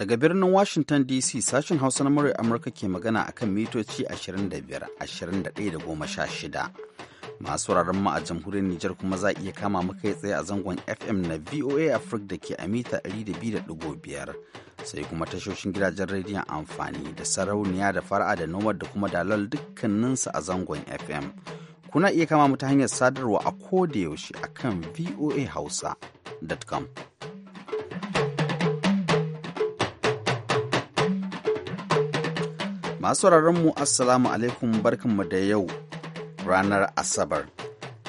Daga birnin Washington DC sashen Hausa na murya Amurka ke magana akan mitoci 25, 21 da 16. Masu wuraren mu a jamhuriyar Nijar kuma za iya kama mu tsaye a zangon FM na VOA Africa da ke a mita 200.5 sai kuma tashoshin gidajen rediyon amfani da sarauniya da fara'a da nomad da kuma dalal dukkaninsu a zangon FM. Kuna iya kama mu ta hanyar sadarwa a da yaushe akan voahausa.com. Masu mu Assalamu alaikum barkanmu da yau ranar Asabar.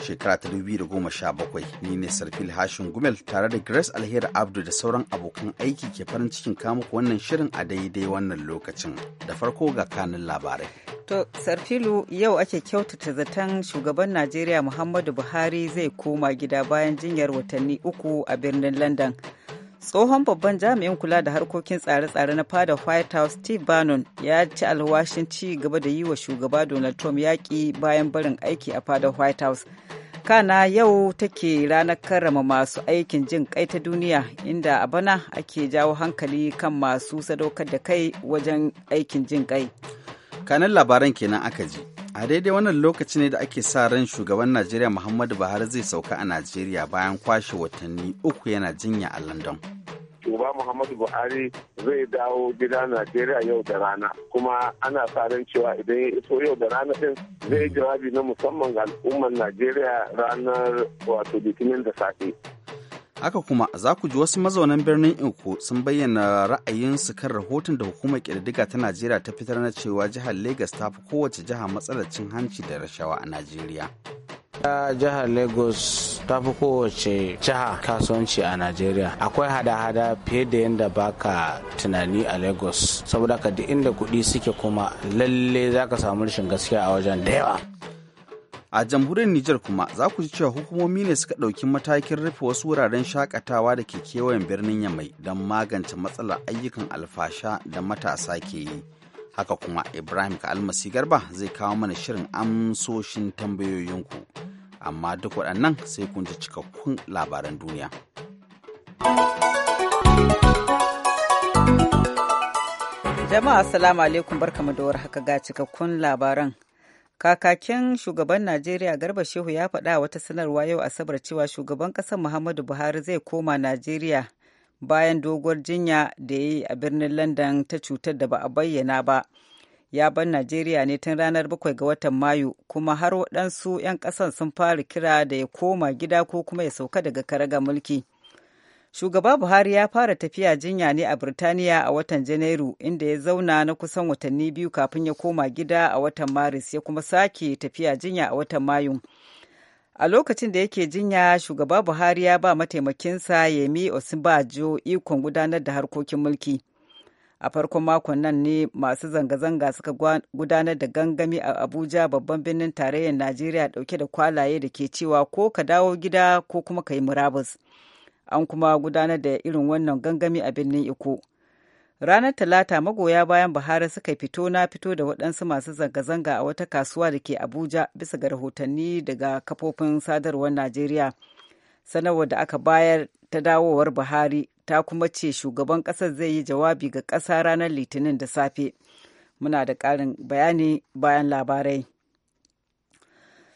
Shekara ta 2017 ni ne Sarfil Hashin Gumel tare da Grace Alheri Abdu da sauran abokan aiki ke farin cikin kamuku wannan shirin a daidai wannan lokacin. Da farko ga kanin labarai. To, Sarfilu yau ake kyautata zaton shugaban Najeriya Muhammadu Buhari zai koma gida bayan jinyar watanni uku a birnin London. tsohon babban jami'in kula da harkokin tsare-tsare na fada white house steve bannon ya ci alwashin ci gaba da yi wa shugaba donald trump yaƙi bayan barin aiki a Fada white house kana yau take ranar karrama masu aikin jin kai ta duniya inda a bana ake jawo hankali kan masu sadaukar da kai wajen aikin jin kai kanan labaran kenan aka ji a daidai wannan lokaci ne da ake sa ran shugaban najeriya muhammadu buhari zai sauka a najeriya bayan kwashe watanni uku yana jinya a london shugaba muhammadu buhari zai dawo gida najeriya yau da rana kuma ana sa ran cewa idan ya iso yau da rana din zai jawabi na musamman ga al'ummar najeriya ranar wato litinin da safe Haka kuma za ku ji wasu mazaunan birnin inku, sun bayyana ra'ayinsu kan rahoton da hukumar kirdiga ta Najeriya ta fitar na cewa jihar Lagos ta fi kowace jiha matsalar cin hanci da rashawa a Najeriya. ta jihar lagos ta fi kowace jiha kasuwanci a najeriya akwai hada-hada fiye da yadda baka tunani a lagos saboda ka duk inda kuɗi suke kuma lalle za ka samu rashin gaskiya a wajen da yawa a jamhuriyar Nijar kuma za ku ji cewa hukumomi ne suka ɗauki matakin rufe wasu wuraren shakatawa da ke kewayen birnin yamai don magance matsalar ayyukan alfasha da matasa ke yi haka kuma ibrahim ka almasi garba zai kawo mana shirin amsoshin tambayoyinku amma duk waɗannan sai kun ji cikakkun labaran duniya jama'a assalamu alaikum barkamu da war haka ga cikakkun labaran Kakakin shugaban Najeriya Garba Shehu ya faɗa wata sanarwa yau Asabar cewa shugaban ƙasar Muhammadu Buhari zai koma Najeriya bayan doguwar jinya da ya yi a birnin London ta cutar da ba a bayyana ba. Ya ban Najeriya ne tun ranar bakwai ga watan Mayu kuma har waɗansu 'yan ƙasan sun fara kira da ya koma gida ko kuma ya sauka daga karaga mulki. Shugaba Buhari ya fara tafiya jinya ne a Birtaniya a watan Janairu inda ya zauna na kusan watanni biyu kafin ya koma gida a watan Maris ya kuma sake tafiya jinya a watan Mayu. A lokacin da yake jinya, shugaba Buhari ya ba mataimakinsa Yemi Osinbajo ikon gudanar da harkokin mulki. A farkon makon nan ne masu zanga-zanga suka gudanar da gangami a Abuja babban birnin tarayyar Najeriya dauke da kwalaye da ke cewa ko ka dawo gida ko kuma ka yi murabus. an kuma gudanar da irin wannan gangami a birnin iko ranar talata magoya bayan buhari suka fito na fito da waɗansu masu zanga-zanga a wata kasuwa da ke abuja bisa ga rahotanni daga kafofin sadarwar najeriya sanarwar da aka bayar ta dawowar buhari ta kuma ce shugaban ƙasar zai yi jawabi ga ƙasa ranar litinin da safe muna da ƙarin bayani bayan labarai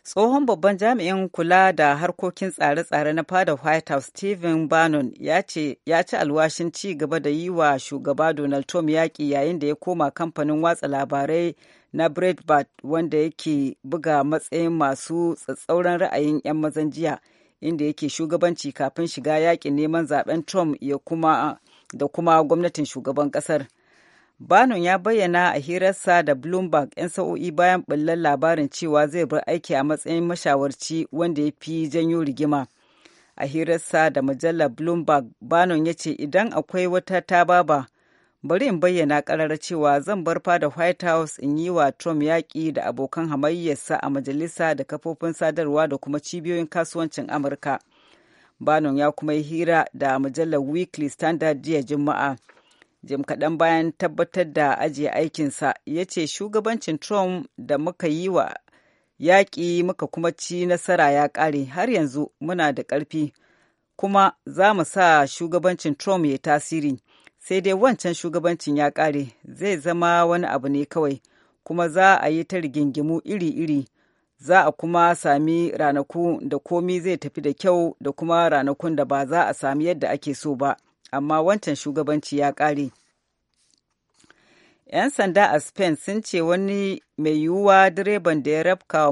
tsohon babban jami'in kula da harkokin tsare-tsare na fada white house stephen bannon ya ci alwashin ci gaba da yi wa shugaba donald trump yaƙi yayin da ya koma kamfanin watsa labarai na breitbart wanda yake buga matsayin masu tsatsauran ra'ayin 'yan mazan jiya inda yake shugabanci kafin shiga yaƙin neman zaben trump da kuma gwamnatin shugaban ƙasar. Bannon ya bayyana a hirarsa da Bloomberg 'yan sa'o'i bayan ɓullar labarin cewa zai bar aiki a matsayin mashawarci wanda ya fi janyo rigima. A hirarsa da mujallar Bloomberg, Bannon ya ce idan akwai wata tababa, bari in bayyana ƙarara cewa zan bar fada White House in yi wa Trump yaƙi da abokan hamayyarsa a majalisa da kafofin sadarwa da kuma cibiyoyin kasuwancin Amurka. Bannon ya kuma yi hira da mujallar Weekly Standard jiya Juma'a. jim kaɗan bayan tabbatar da ajiye aikinsa ya ce shugabancin trump da muka yi wa yaƙi muka kuma ci nasara ya ƙare har yanzu muna da ƙarfi kuma za mu sa shugabancin trump ya tasiri sai dai wancan shugabancin ya ƙare zai zama wani abu ne kawai kuma za a yi ta rigingimu iri-iri za a kuma sami ranaku da komi zai tafi da kyau da kuma ranakun da ba za a sami yadda ake so ba amma wancan shugabanci ya ƙare. 'Yan sanda a Spain sun ce wani mai yiwuwa direban da ya rafka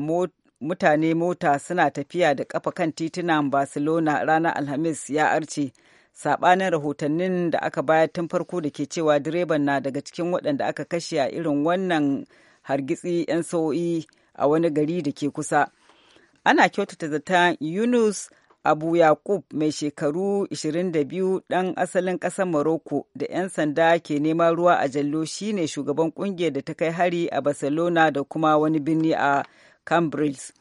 mutane mota suna tafiya da ƙafa kan titunan Barcelona ranar Alhamis ya arce. Saɓanin rahotannin da aka bayar tun farko da ke cewa direban na daga cikin waɗanda aka kashe a irin wannan hargitsi 'yan sa'o'i a wani gari da ke kusa. Ana kyautata zata Yunus Abu Yakub mai shekaru 22 ɗan asalin ƙasar Morocco da 'yan sanda ke neman ruwa a jallo shine shugaban ƙungiyar da ta kai hari a Barcelona da kuma wani birni a Cambrils.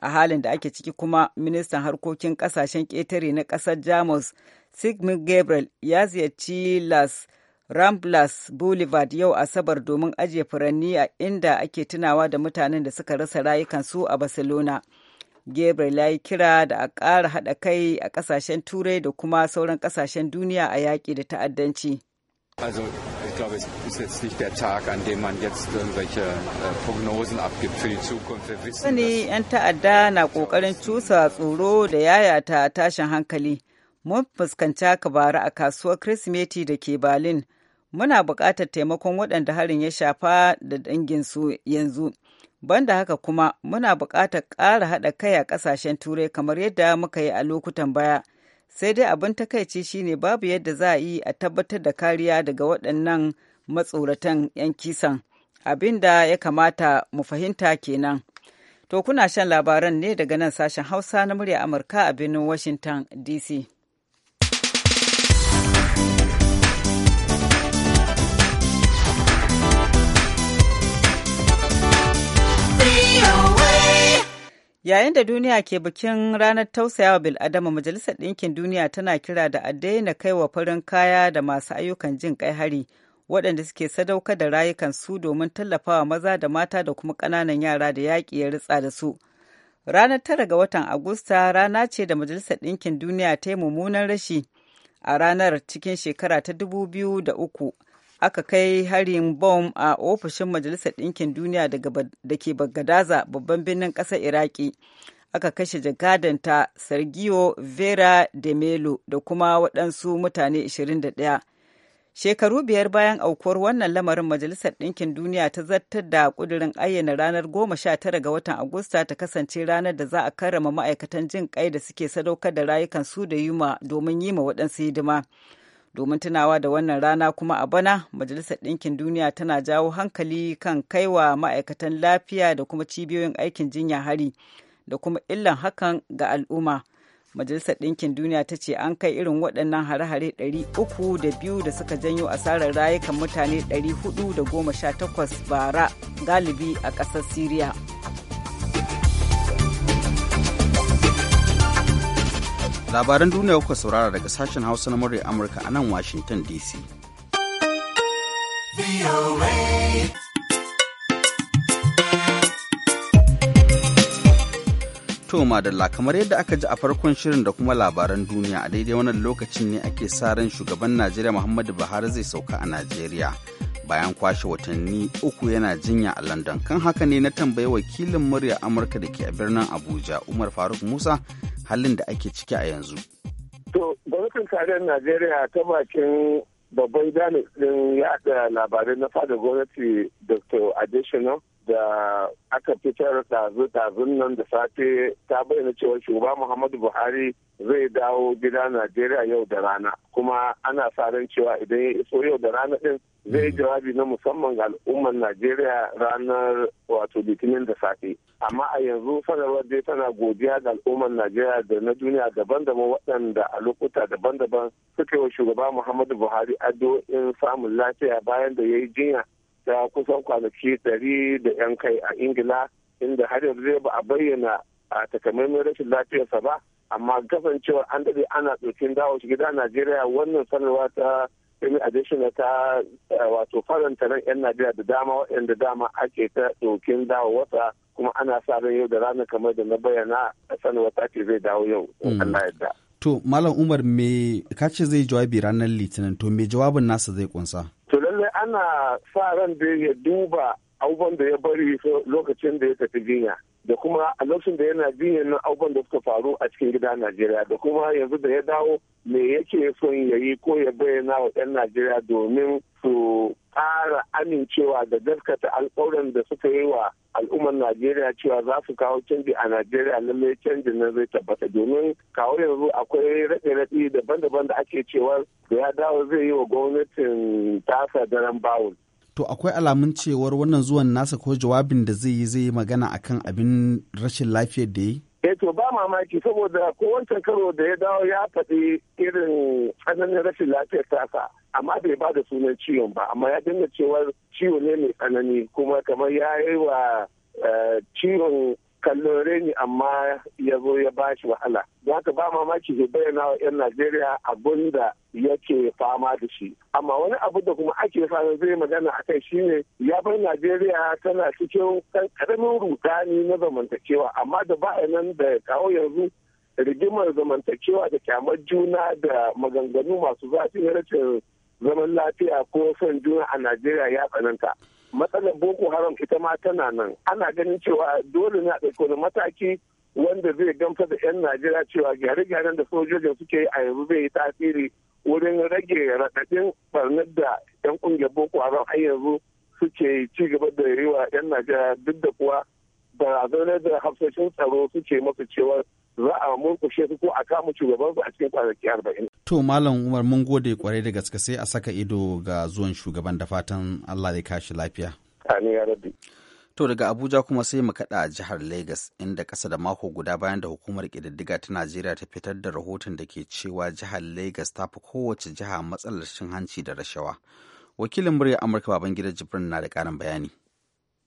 A halin da ake ciki kuma ministan harkokin ƙasashen ƙetare na ƙasar Jamus Sigmund Gabriel ya ziyarci Las Ramblas Boulevard yau Asabar domin ajiye furanni a inda ake tunawa da mutanen da suka rasa rayukansu a Barcelona. Gabriel ya yi kira da a ƙara haɗa kai a ƙasashen Turai da kuma sauran ƙasashen duniya a yaƙi da ta'addanci. Also ich Sani, ‘yan ta'adda na ƙoƙarin cusa tsoro da yayata tashin hankali. Mun fuskanci haka bara a kasuwar Kirsimeti da ke Berlin. Muna buƙatar taimakon waɗanda harin ya shafa da danginsu yanzu. banda haka kuma muna buƙatar ƙara haɗa kai a ƙasashen turai kamar yadda muka yi a lokutan baya sai dai abin takaici shine babu yadda za a yi a tabbatar da kariya daga waɗannan matsoratan 'yan kisan abin da ya kamata mu fahimta kenan to kuna shan labaran ne daga nan sashen hausa na murya amurka a birnin washington dc Yayin da duniya ke bikin ranar tausayawa bil'adama Majalisar Ɗinkin Duniya tana kira da a na kai wa farin kaya da masu ayyukan jin kai hari waɗanda suke sadauka da rayukan su domin tallafawa maza da mata da kuma ƙananan yara da yaƙi ya ritsa da su. Ranar tara ga watan Agusta rana ce da Majalisar Ɗinkin Duniya ta yi mummunan rashi a ranar cikin shekara ta dubu biyu da uku. aka kai harin bom a ofishin majalisar ɗinkin duniya da ke bagadaza babban birnin ƙasar iraki aka kashe jakadanta sergio vera de melo da kuma waɗansu mutane 21 shekaru biyar bayan aukuwar wannan lamarin majalisar ɗinkin duniya ta zartar da ƙudurin ayyana ranar 19 ga watan agusta ta kasance ranar da za a karrama ma'aikatan jin ƙai da suke sadaukar da rayukan su da yuma domin yi ma waɗansu hidima. domin tunawa da wannan rana kuma a bana majalisar ɗinkin duniya tana jawo hankali kan kaiwa ma'aikatan lafiya da kuma cibiyoyin aikin jinya hari da kuma illan hakan ga al'umma majalisar ɗinkin duniya ta ce an kai irin waɗannan hare-hare 302 da suka janyo asarar rayukan mutane 418 bara galibi a ƙasar syria labaran duniya kuka saurara daga sashen hausa na murya amurka a nan washington dc To madalla kamar yadda aka ji a farkon shirin da kuma labaran duniya a daidai wannan lokacin ne ake sa ran shugaban Najeriya Muhammadu Buhari zai sauka a Najeriya bayan kwashe watanni uku yana jinya a London. Kan haka ne na tambayi wakilin murya Amurka da ke a birnin Abuja Umar Faruk Musa halin da ake ciki a yanzu. To, gwamnatin tarayyar Najeriya ta bakin babban jami'in yaɗa labarai na fada gwamnati Dr. Adesina da aka fitar tazu ɗazun nan da safe ta bayyana cewa shugaba muhammadu buhari zai dawo gida najeriya yau da rana kuma ana sa ran cewa idan ya iso yau da rana din zai mm. jawabi na musamman ga al'ummar najeriya ranar wato litinin da safe amma a yanzu sanarwar dai tana godiya ga al'ummar najeriya da na duniya daban-daban waɗanda a lokuta daban-daban suka yi wa shugaba muhammadu buhari addu'o'in samun lafiya bayan da ya yi jinya ta kusan kwanaki dari da 'yan kai a ingila inda har yanzu ba a bayyana a takamaiman rashin lafiyarsa ba amma kasancewar an daɗe ana tsokin dawo shi gida najeriya wannan sanarwa ta Femi Adesina ta eh, wato faranta ran 'yan Najeriya da dama waɗanda dama ake ta tsokin dawo wasa kuma ana sa ran yau da ranar kamar da na bayyana sanarwa ta ce zai dawo yau mm. Allah ya To, Malam Umar me kace zai jawabi ranar Litinin, to me jawabin nasa zai kunsa? To lallai ana sa ran da ya duba abubuwan da ya bari lokacin da ya tafi jinya. Da kuma a lokacin da yana jinya na abubuwan da suka faru a cikin gida Najeriya da kuma yanzu da ya dawo me yake son ya yi ko ya bayyana wa 'yan Najeriya domin su ƙara amincewa da gaskata alƙawuran da suka yi wa al'ummar najeriya cewa za su kawo canji a najeriya lallai canji na zai tabbata domin kawo yanzu akwai raɗe-raɗe daban-daban da ake cewa da ya dawo zai yi wa gwamnatin tasa daren bawul to akwai alamun cewar wannan zuwan nasa ko jawabin da zai yi zai yi magana akan abin rashin lafiyar da yi eh to ba mamaki saboda kowancan karo da ya dawo ya faɗi irin tsananin rashin lafiyar tasa amma bai ba da sunan ciwon ba amma ya dinga cewar ciwo ne mai tsanani kuma kamar ya yi wa eh, ciwon kallon ne amma ya zo ya ba shi wahala don haka ba mamaki ke bayyana wa 'yan najeriya abun da yake fama da shi amma wani abu da kuma ake fara zai magana a kai shine ya bar najeriya tana cikin karamin rudani na zamantakewa amma da ba nan da kawo yanzu rigimar zamantakewa da kyamar juna da maganganu masu zafi na rashin zaman lafiya ko son juna a najeriya ya tsananta matsalar boko haram ita ma tana nan ana ganin cewa dole ne a ɗauko da mataki wanda zai gamsa da 'yan najeriya cewa gyare-gyaren da sojojin suke yi a yanzu zai yi tasiri wurin rage raɗaɗin barnar da 'yan ƙungiyar boko haram har yanzu suke ci gaba da yi wa 'yan najeriya duk da kuwa barazanar da hafsashin tsaro suke masu cewa za a murkushe su ko a kama shugaban su a cikin kwanaki arba'in. To Malam Umar mun gode kwarai da gaske sai a saka ido ga zuwan shugaban da fatan Allah zai kashi lafiya. Amin ya rabbi. To daga Abuja kuma sai mu kaɗa a jihar Legas inda ƙasa da mako guda bayan da hukumar ƙididdiga ta Najeriya ta fitar da rahoton da ke cewa jihar Legas ta fi kowace jiha matsalar cin hanci da rashawa. Wakilin murya Amurka Babangida Jibrin na da ƙarin bayani.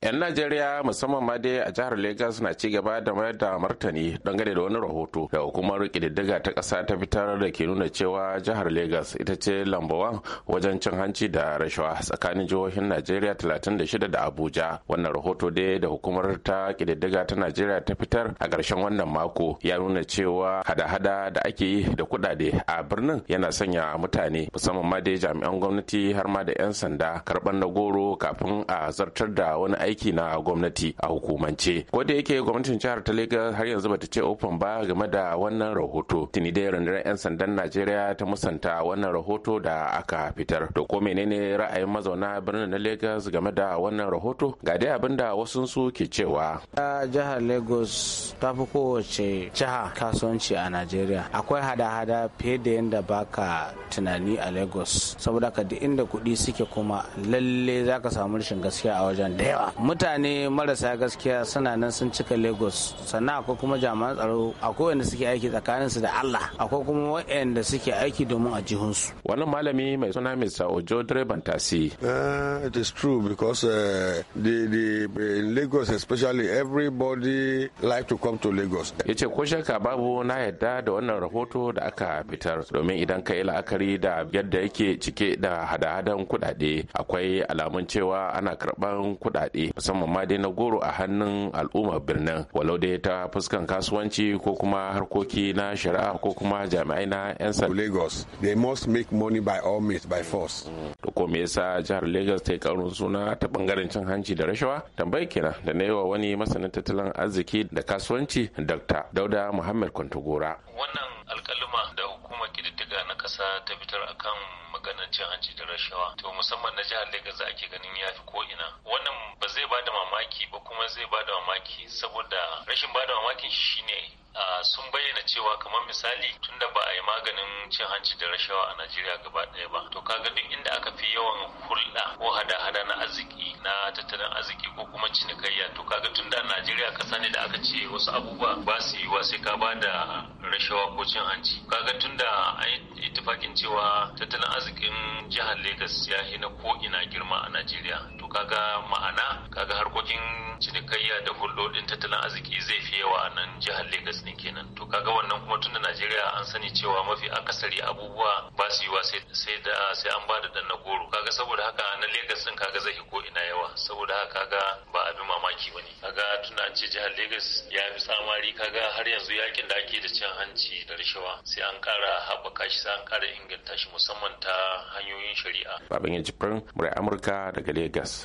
'yan najeriya musamman ma dai a jihar Legas na ci gaba da mayar da martani dangane da wani rahoto da hukumar kididdiga ta ƙasa ta fitar da ke nuna cewa jihar Legas, ita ce lambawan wajen cin hanci da rashawa tsakanin jihohin najeriya 36 da abuja wannan rahoto dai da hukumar ta kididdiga ta najeriya ta fitar a ƙarshen wannan mako ya nuna cewa hada-hada da ake yi da kuɗaɗe a birnin yana sanya mutane musamman ma dai jami'an gwamnati har ma da 'yan sanda karɓar na goro kafin a zartar da wani aiki aiki na gwamnati a hukumance ko da yake gwamnatin jihar ta lagos har yanzu bata ce open ba game da wannan rahoto tuni dai rundunar 'yan sandan Najeriya ta musanta wannan rahoto da aka fitar to ko menene ra'ayin mazauna birnin na lagos game da wannan rahoto ga dai abin da wasu su ke cewa jihar Lagos ta fi kowace jiha kasuwanci a Najeriya akwai hada-hada fiye da yadda baka tunani a Lagos saboda ka duk inda kuɗi suke kuma lalle za ka samu rashin gaskiya a wajen da yawa mutane marasa gaskiya suna nan sun cika lagos sannan akwai kuma jami'an tsaro akwai wanda suke aiki tsakanin su da allah akwai kuma wa'anda suke aiki domin a jihunsu wannan malami mai suna mr ojo direban tasi eh, it is true because uh, the, the, in lagos especially everybody like to come to lagos ya ce ko shakka babu na yadda da wannan rahoto da aka fitar domin idan ka yi la'akari da yadda yake cike da hada-hadan kudade, akwai alamun cewa ana karɓan kudade. musamman ma dai na goro a hannun al'ummar birnin walau dai ta fuskan kasuwanci ko kuma harkoki na shari'a ko kuma jami'ai na 'yan sanda. Lagos they must make money by all means by force. Da ko me yasa jihar Lagos ta yi karun suna ta bangaren cin hanci da rashawa tambayi kenan da na yi wa wani masanin tattalin arziki da kasuwanci Dr. Dauda Muhammad Kwantogora. Wannan alkaluma da hukumar kididdiga ƙasa ta fitar akan maganar cin hanci da rashawa to musamman na jihar Legas ake ganin ya fi ko ina wannan ba zai bada mamaki ba kuma zai bada mamaki saboda rashin bada mamakin shi shine Uh, sun bayyana cewa kamar misali tunda ba a yi maganin cin hanci da rashawa a najeriya gaba ɗaya ba to kaga duk inda aka fi yawan hulɗa ko hada-hada na arziki na tattalin arziki ko kuma cinikayya to kaga tunda najeriya ƙasa ne da aka ce wasu abubuwa ba su yiwa sai ka ba da rashawa ko cin hanci kaga tunda an bakin cewa tattalin arzikin jihar Legas ya na ko ina girma a Najeriya. To to kaga ma'ana kaga harkokin cinikayya da hulɗoɗin tattalin arziki zai fi yawa a nan jihar Legas ne kenan to kaga wannan kuma tunda Najeriya an sani cewa mafi akasari abubuwa ba su yiwa sai da sai an bada dan na goro kaga saboda haka na Legas din kaga zai ko ina yawa saboda haka kaga ba abin mamaki bane kaga tunda an ce jihar Legas ya fi tsamari kaga har yanzu yakin da ake da cin hanci da rashawa sai an kara haɓaka shi sai an kara inganta shi musamman ta hanyoyin shari'a. Babban Yajibirin Murai Amurka daga Legas.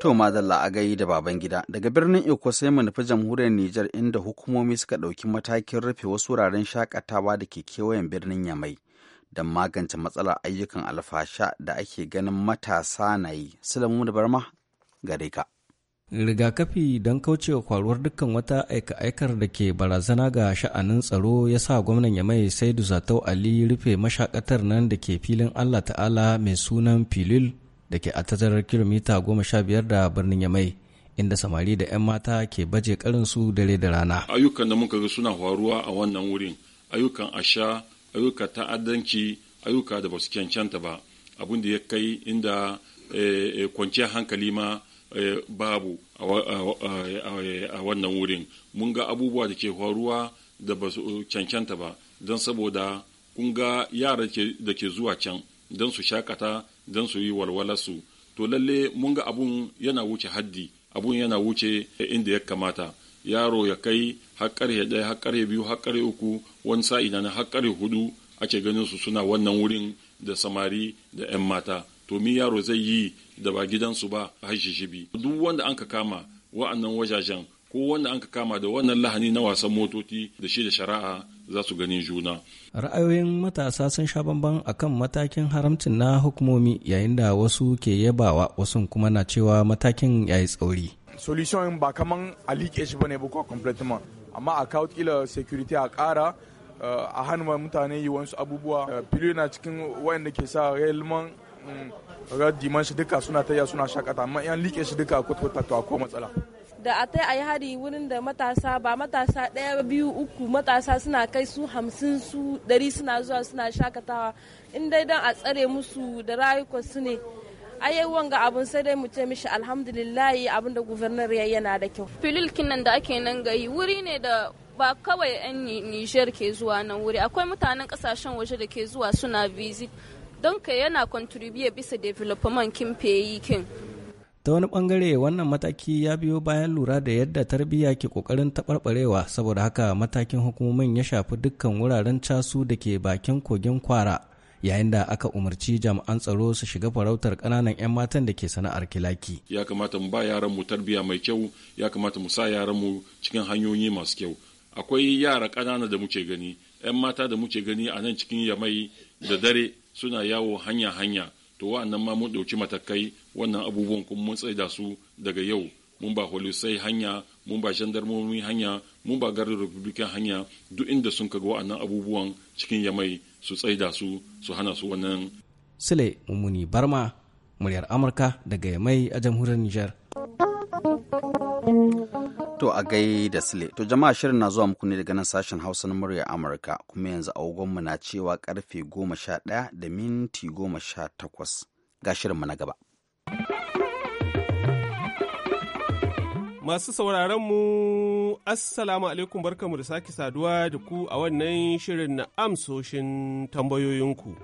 To madalla a gai da baban gida daga birnin Eko sai mu nufi jamhuriyar Nijar inda hukumomi suka ɗauki matakin rufe wasu wuraren shakatawa da ke kewayen birnin Yamai don magance matsalar ayyukan alfasha da ake ganin matasa na yi. Sulamu da Barma gare ka. rigakafi don kaucewa kwaruwar dukkan wata aika-aikar da ke barazana ga sha'anin tsaro ya sa gwamnan ya mai sai zatau ali rufe mashakatar nan da ke filin allah ta'ala mai sunan filil da ke a tazarar kilomita goma sha biyar da birnin ya mai inda samari da 'yan mata ke baje su dare da rana ayyukan da muka ga suna faruwa a wannan wurin ayyukan asha ayyuka ta'addanci ayyuka da ba su cancanta ba abin da ya kai inda eh, eh, kwanciyar hankali ma Eh, babu a wannan wurin mun ga abubuwa da ke faruwa da ba su cancanta ba don saboda kun ga yara da ke zuwa can don su shakata don su yi walwalarsu to lalle mun ga abun yana wuce haddi abun yana wuce inda ya kamata yaro ya kai har ya ɗaya har ya biyu har ya uku wani sa'ina na har ya hudu ake ganin su suna wannan wurin da samari da 'yan mata to mi yaro zai yi da ba gidansu ba har shibi duk wanda an ka kama wa'annan wajajen ko wanda an ka kama da wannan lahani na wasan motoci da shi da shari'a za su ganin juna. Ra'ayoyin matasa sun sha bamban akan matakin haramcin na hukumomi yayin da wasu ke yabawa wasu kuma na cewa matakin ya yi tsauri. Solution ba kaman a liƙe shi bane ba ko completement amma a kawo kila security a ƙara eh, a hannun mutane yi wasu abubuwa eh, fili na cikin wayanda ke sa relman kaga diman shi duka suna tayya suna shakata amma yan liƙe shi duka ta to ko matsala da a tai yi hari wurin da matasa ba matasa ɗaya biyu uku matasa suna kai su hamsin su ɗari suna zuwa suna shakatawa in dai don a tsare musu da rayukan su ne ai wanga abun sai dai mu ce mishi alhamdulillahi abin da gubernar ya yana da kyau filil nan da ake nan gayi wuri ne da ba kawai 'yan nijar ke zuwa nan wuri akwai mutanen kasashen waje da ke zuwa suna visit don ka yana contribute bisa development kin peyi kin ta wani bangare wannan mataki ya biyo bayan lura da yadda tarbiyya ke kokarin taɓarɓarewa saboda haka matakin hukumomin ya shafi dukkan wuraren casu da ke bakin kogin kwara yayin da aka umarci jami'an tsaro su shiga farautar kananan 'yan matan da ke sana'ar kilaki. Ya kamata mu ba yaran mu tarbiyya mai kyau, ya kamata mu sa yaran mu cikin hanyoyi masu kyau. Akwai yara ƙanana da muke gani, 'yan mata da muke gani a nan cikin yamai da dare suna yawo hanya hanya to wa'annan ma mun ɗauki matakai wannan abubuwan kuma mun tsaida su daga yau mun ba holisai hanya mun ba gendarmomi hanya mun ba garin republican hanya duk inda sun kaga wa'annan abubuwan cikin yamai su tsaida su su hana su wannan sule mummuni barma muryar amurka daga yamai a jamhuriyar nijar. To a gai da sile, to jama'a shirin na zuwa muku ne daga nan sashen Hausa na murya Amurka kuma yanzu agogonmu na cewa karfe goma sha ɗaya da minti goma sha takwas ga shirinmu na gaba. Masu mu Assalamu alaikum barkamu da sake saduwa da ku a wannan shirin na amsoshin tambayoyinku.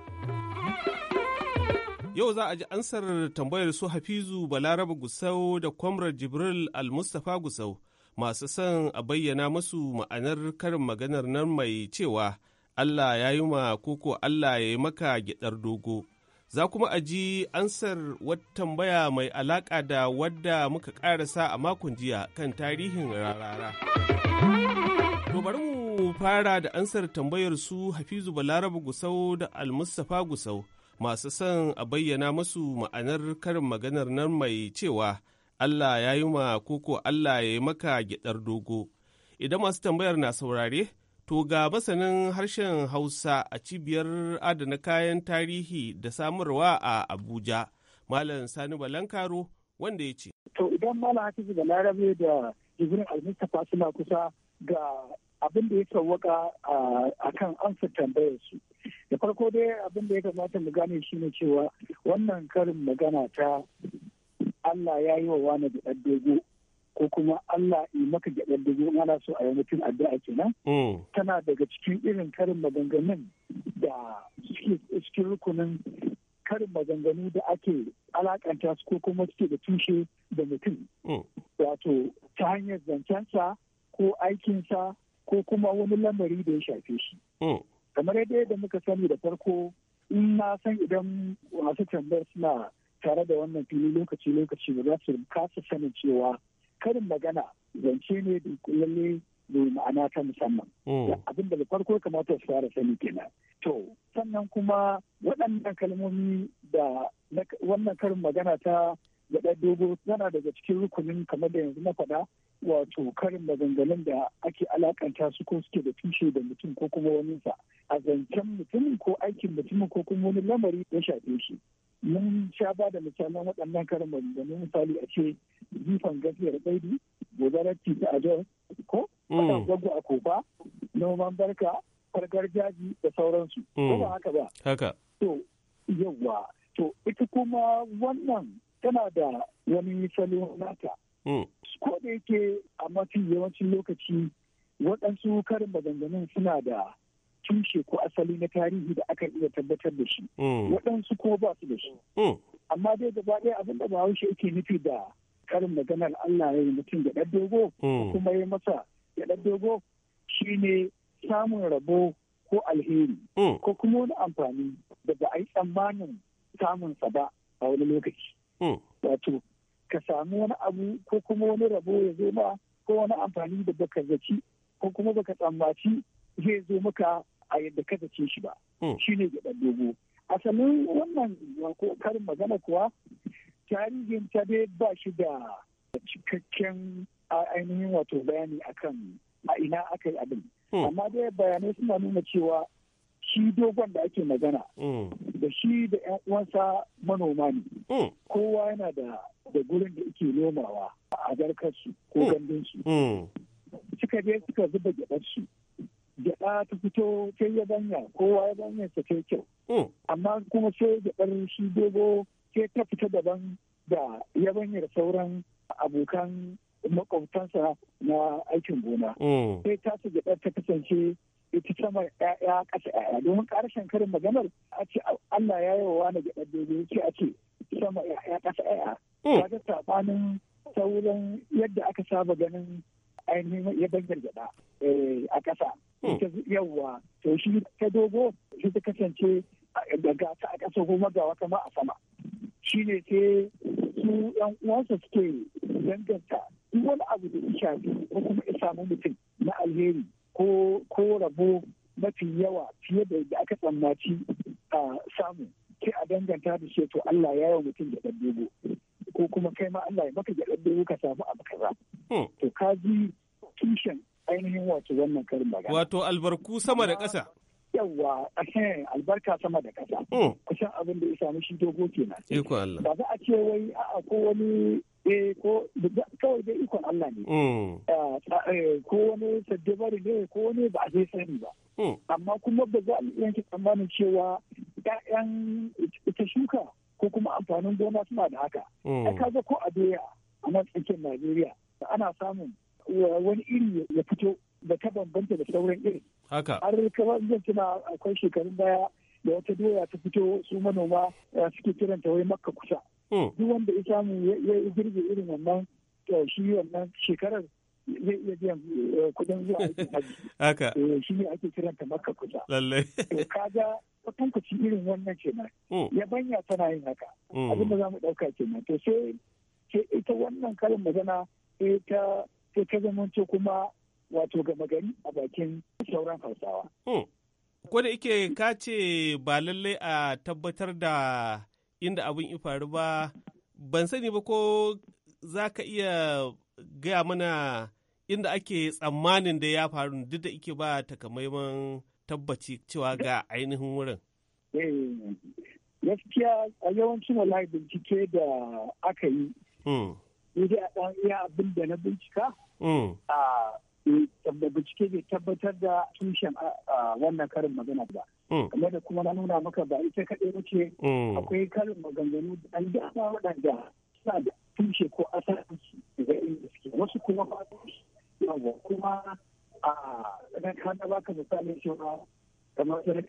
Yau za a ji ansar tambayar su Hafizu Balaraba Gusau da Kwamrar Jibril al mustafa Gusau masu son a bayyana musu ma'anar karin maganar nan mai cewa Allah ya yi ma koko Allah ya yi maka gyaɗar dogo. Za kuma a ji ansar wata tambaya mai alaƙa da wadda muka ƙarasa a makon jiya kan tarihin rarara. To mu fara da ansar tambayar su Hafizu Balarabu Gusau da Almustapha Gusau masu son a bayyana masu ma'anar karin maganar nan mai cewa Allah ya yi ma koko Allah ya yi maka gyaɗar dogo. Idan masu tambayar na saurare, to ga masanin harshen Hausa a cibiyar adana kayan tarihi da samarwa a Abuja, Malam Sani Balankaro wanda ya ce. To idan Malam Hafizu da Larabe da Jibrin Almustapha suna kusa ga abin da ya sauwaka a kan amsa tambayar su. Da farko dai abin da ya kamata mu gane shi ne cewa wannan karin magana ta Allah ya yi wa wani da dogo ko kuma Allah yi maka gyaɗar dogo ana so a yi mutum addu'a kenan. Hmm. Tana daga cikin irin karin maganganun da cikin rukunin karin maganganu da ake alakanta su ko kuma suke da tushe da mutum. Hmm. Wato ta hanyar zancensa ko aikinsa ko kuma wani lamari da ya shafe shi. Hmm. Kamar yadda muka sani da farko in na san idan wasu tambayar suna tare da wannan fili lokaci-lokaci ba za su kasa sanin cewa karin magana zance ne dunkulalle mai ma'ana ta musamman. Hmm. Abin da farko kamata su fara sani kenan. To, sannan kuma waɗannan kalmomi da wannan karin magana ta gaɗa dogo tana daga cikin rukunin kamar da yanzu na faɗa wato karin maganganun da ake alakanta su ko suke da tushe da mutum ko kuma wani sa a zancen mutumin ko aikin mutumin ko kuma wani lamari ya shafe shi. mun sha ba da misalan waɗannan karin maganganu misali a ce jifan gajiyar tsaidi gobarar titi a jos ko mm. gwaggo a kofa noman barka fargar jaji da sauransu ko mm. ba haka ba haka to yawwa to ita kuma wannan tana da wani salo nata mm. ko da yake a mafi yawancin lokaci waɗansu karin maganganun suna da tushe ko asali na tarihi da aka iya tabbatar da shi mm. waɗansu ko ba su da shi mm. amma dai gaba ɗaya abin da bahaushe yake nufi da karin maganar Allah ya yi mutum da ɗan dogo mm. kuma ya masa da ɗan dogo ne samun rabo ko alheri ko kuma wani amfani da ba a yi tsammanin samunsa ba a wani lokaci wato ka sami wani abu ko kuma wani rabo ya zo ma ko wani amfani da baka zaci ko kuma baka tsammaci zai zo maka a yadda ka ce shi ba hmm. shi ne gyaɗar dogo a sanin wannan ko karin magana kuwa tarihin ta dai ba shi da cikakken ainihin wato bayani akan a ina aka yi abin hmm. amma dai bayanai suna nuna cewa shi dogon da ake magana hmm. da shi da 'yan uwansa manoma ne kowa yana da da gurin da yake nomawa a garkarsu ko gandunsu suka je suka zuba su. gyaɗa ta fito sai ya banya kowa ya ta kyau oh. amma kuma sai gyaɗar shi dogo sai ta fita daban da ya da sauran abokan makwabtansa na aikin gona oh. sai ta su gyaɗar ta kasance ita sama ya ƙasa ya domin karshen karin maganar a ce Allah ya yi wa wani gyaɗar dogo sai a ce sama ya'ya ƙasa ya'ya ya oh. ga saɓanin sauran yadda aka saba ganin ainihin ya bangar gyaɗa eh, a ƙasa Hmm. yawwa to shi ta dogo shi ta kasance ga ta a kasar kuma ga wata ma a sama shi ne sai su yan uwansa suke danganta duk wani abu da isha shafi ko kuma ya samu mutum na alheri ko rabo mafi yawa fiye da aka tsammaci a samu sai a danganta da shi to Allah ya yi mutum da ɗan dogo ko kuma kai ma Allah ya maka da ɗan dogo ka samu abu kaza hmm. to ka ji kishin ainihin wato wannan karin magana. Wato albarku sama da ƙasa. Yawwa, albarka sama da ƙasa. Oh. Kusan abin da ya samu shi dogo kenan. Iko Allah. Ba za a ce wai a ko wani eh ko kawai dai ikon Allah ne. Oh. Ah, eh, ko wani saddabari ne ko wani ba a zai sani ba. Oh. Amma kuma ba za a yanke tsammanin cewa 'ya'yan ita shuka ko kuma amfanin gona suna da haka. Ka ga ko a doya a nan tsakiyar Najeriya ana samun wani iri ya fito da ta bambanta da sauran iri. Haka. Har kamar zan tuna akwai shekarun baya da wata doya ta fito su manoma eh, suke kiran ta wai makka kusa. Hmm. Duk wanda ya samu ya girbe irin wannan eh, shi wannan shekarar zai iya biyan eh, kudin zuwa aikin haji. Haka. Shi ne ake kiran ta makka kusa. Lallai. Kaga kwatankwacin irin wannan kenan. Hmm. Yabanya tana yin haka. Hmm. Abin da za mu ɗauka kenan. To sai ita wannan karin magana ta sai ta zamanto kuma wato gama gari a bakin sauran hausawa. Ko da ike ka ce ba lallai a tabbatar da inda abin ya faru ba, ban sani ba ko za ka iya gaya mana inda ake tsammanin da ya faru duk da ike ba takamaiman tabbaci cewa ga ainihin wurin. Eh, gaskiya a yawancin wallahi bincike da aka yi hmm. ni a ɗan iya abin da na bincika da mm. eh, bincike bai tabbatar da tushen wannan karin magana ba mm. kamar da kuma na nuna maka ba ita kaɗai wuce mm. akwai karin maganganu da an dama waɗanda suna da tushe ko asali inda suke wasu kuma ba yawa kuma a ɗan kana baka misali cewa kamar kana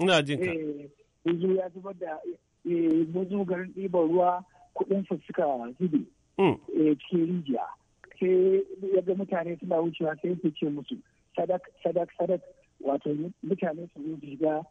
ina jin ka. Eh, yanzu ya zubar da yanzu eh, garin ɗiban ruwa Kuɗin suka zube hmm. eh, cikin rijiya sai yaga mutane suna wucewa sai yake ce musu sadak sadak sadak wato mutane su zo shiga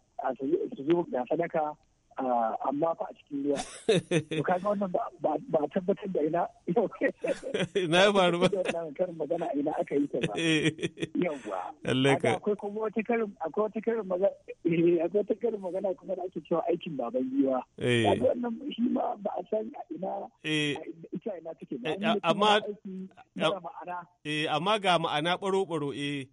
su zo da sadaka Ah, amma fa a cikin ruwa to kaga wannan ba a tabbatar da ina yau. na yi faru ba karin magana ina aka yi ta ba yawwa akwai kuma wata karin akwai wata karin magana eh, akwai wata karin magana kuma da ake cewa aikin baban giwa Eh. kaga wannan shi ma ba a san a ina eh. ita ina take ba eh, amma amma ga ma'ana ɓaro-ɓaro eh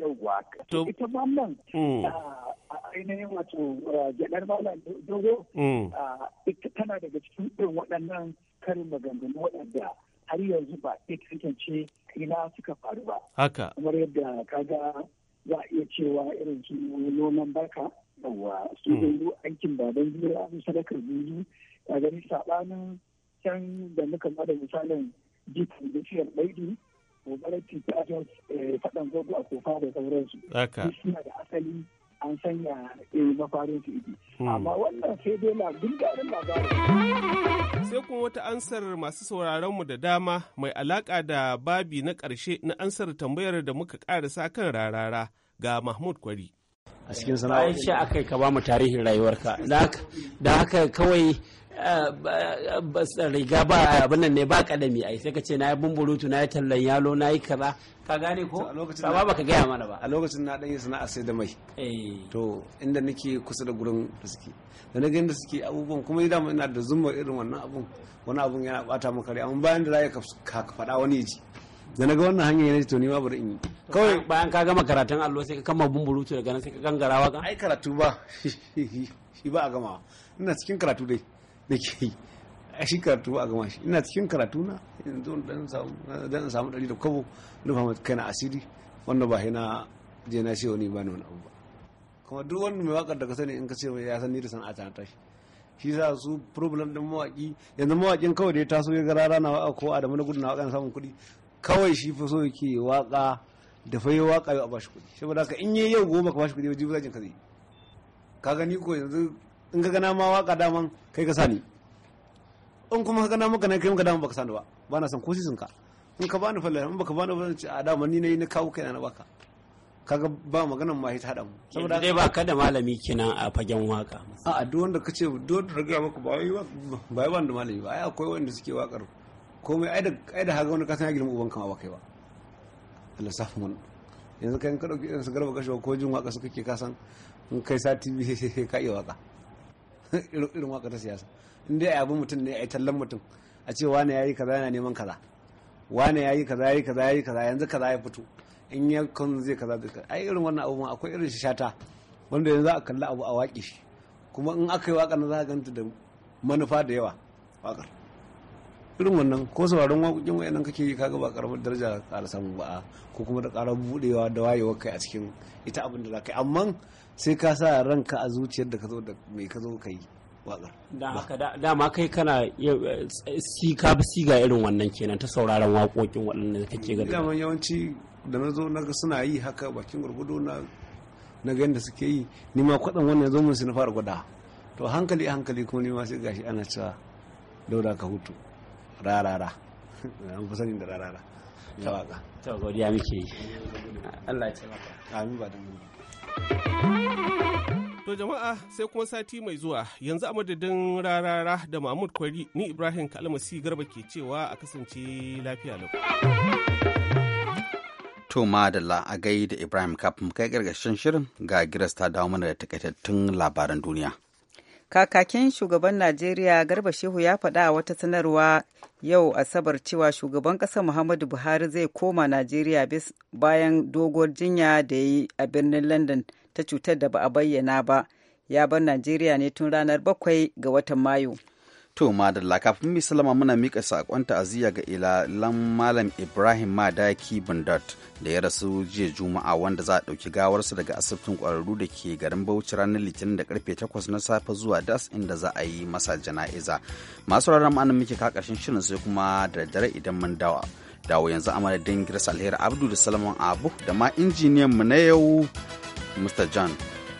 yauwa to ita wannan mm. ah, ainihin wato ah, gyaɗar malam dogo mm. ah, ita tana daga cikin irin waɗannan karin maganganu waɗanda har yanzu ba ta tantance ina suka faru ba haka kamar yadda kaga za a iya cewa irin su noman baka yauwa su yanzu mm. aikin baban jira sadakar biyu a gani saɓanin can da muka bada misalin jikin bishiyar ɗaiɗi gobarar ta jos eh, faɗan zogo a kofa da sauransu suna da asali an sanya eh, mafarin su iji. Hmm. amma wannan sai dai na dukkanin labarin sai kuma wata ansar masu sauraronmu da dama mai alaƙa da babi na ƙarshe na ansar tambayar da muka ƙarasa kan rarara ga mahmud kwari a cikin sana'ar aka ka ba mu tarihin rayuwarka da haka kawai Eh, eh, riga ba abin nan ne ba kadami ai sai ka ce na yi bumburutu na yi tallan yalo na yi kaza ka gane ko ba ka gaya mana ba a lokacin na dan yi sana'a sai da mai eh. to inda nake kusa da gurin da suke da na ganin da suke abubuwan kuma yi dama ina da zumma irin wannan abun wani abun yana bata maka rai amma bayan da za ka faɗa wani ji da na ga wannan hanyar yana to ni ma bari in yi kawai bayan ka gama karatun allo sai ka kama bumburutu daga nan sai ka gangarawa ga ai karatu ba shi ba a gama ina cikin karatu dai da ke yi a shi karatu a gama shi ina cikin karatu na yanzu dan samu ɗari da kwabo rufa kai na asiri wanda ba hina je na ce wani bani wani abu ba kuma duk wani mai wakar da ka sani in ka ce ya san ni da sana'a ta tashi shi sa su problem din mawaki yanzu mawakin kawai da ya taso ya ga rara na waka ko adamu na gudu na waka samun kuɗi kawai shi fa so yake waka da fa yi waka yau a bashi kuɗi saboda haka in yi yau goma ka bashi kuɗi wajen zajin ka zai ka gani ko yanzu in ka gana ma waka daman kai ka sani in kuma ka gana maka na kai maka daman baka sani ba ba na san ko sisin ka in ka bani fallar in baka bani fallar a daman ni na yi na kawo kai na baka kaga ba magana ma ta haɗa mu saboda dai ba ka da malami kina a fagen waka a duk wanda ka ce duk wanda ga maka ba wai ba wai da malami ba ai akwai wanda suke wakar komai ai da ai da haga wani kasan ya girma uban kama ba kai ba Allah safi mun yanzu kai ka dauki irin su garba kashewa ko jin waka su kake kasan in kai sati biyu sai ka iya waka irin waka ta siyasa in dai abin mutum ne yi tallan mutum a ce wane yi kaza yana neman kaza wane yi kaza ya yi kaza ya yi kaza yanzu kaza ya fito in ya kan zai kaza kaza ai irin wannan abu akwai irin shi shata wanda yanzu a kalli abu a waƙi shi kuma in aka yi waƙar na za a ganta da manufa da yawa waƙar irin wannan ko sauraron waƙoƙin wayannan kake yi kaga ba karamar daraja ƙara samu ba ko kuma da ƙarar budewa da wayewar kai a cikin ita abin da za ka yi amma sai ka sa ranka a zuciyar da ka zo da mai ka zo ka yi waƙar da haka kai kana eh, si ka bi siga irin wannan kenan ta sauraron waƙoƙin waɗannan kake ga da yawanci da na zo na suna yi haka bakin gurgudu na na ga yadda suke yi ni ma kwaɗan wannan zo mun su na fara gwada to hankali hankali kuma ni ma sai gashi ana cewa dauda ka hutu rarara an fi sanin da rarara ta waka to godiya muke yi Allah ya taimaka amin ba da mu To jama'a sai kuma sati mai zuwa yanzu a madadin rarara da Mahmud Kwari ni Ibrahim Kalmasi Garba ke cewa a kasance lafiya lau. To madalla a gaida da Ibrahim kafin kai gargashin shirin ga Giras ta dawo mana da takaitattun labaran duniya. kakakin shugaban najeriya garba shehu ya faɗa a wata sanarwa yau asabar cewa shugaban ƙasar muhammadu buhari zai koma najeriya bayan doguwar jinya da ya yi a birnin london ta cutar da ba a bayyana ba ya bar najeriya ne tun ranar bakwai ga watan mayu To madalla kafin mai salama muna mika sakon ta'aziyya ga ilalan Malam Ibrahim Madaki Bundat da ya rasu jiya Juma'a wanda za a ɗauki gawarsa daga asibitin ƙwararru da ke garin Bauchi ranar Litinin da karfe 8 na safe zuwa das inda za a yi masa jana'iza. Masu ranar ma'ana muke ka ƙarshen shirin sai kuma da dare idan mun dawa. Dawo yanzu a madadin Giras Alheri Abdu da Salman Abu da ma injiniyan mu na yau Mr. John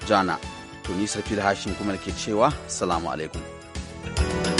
Jana. To ni da Hashim kuma da ke cewa salamu alaikum. thank you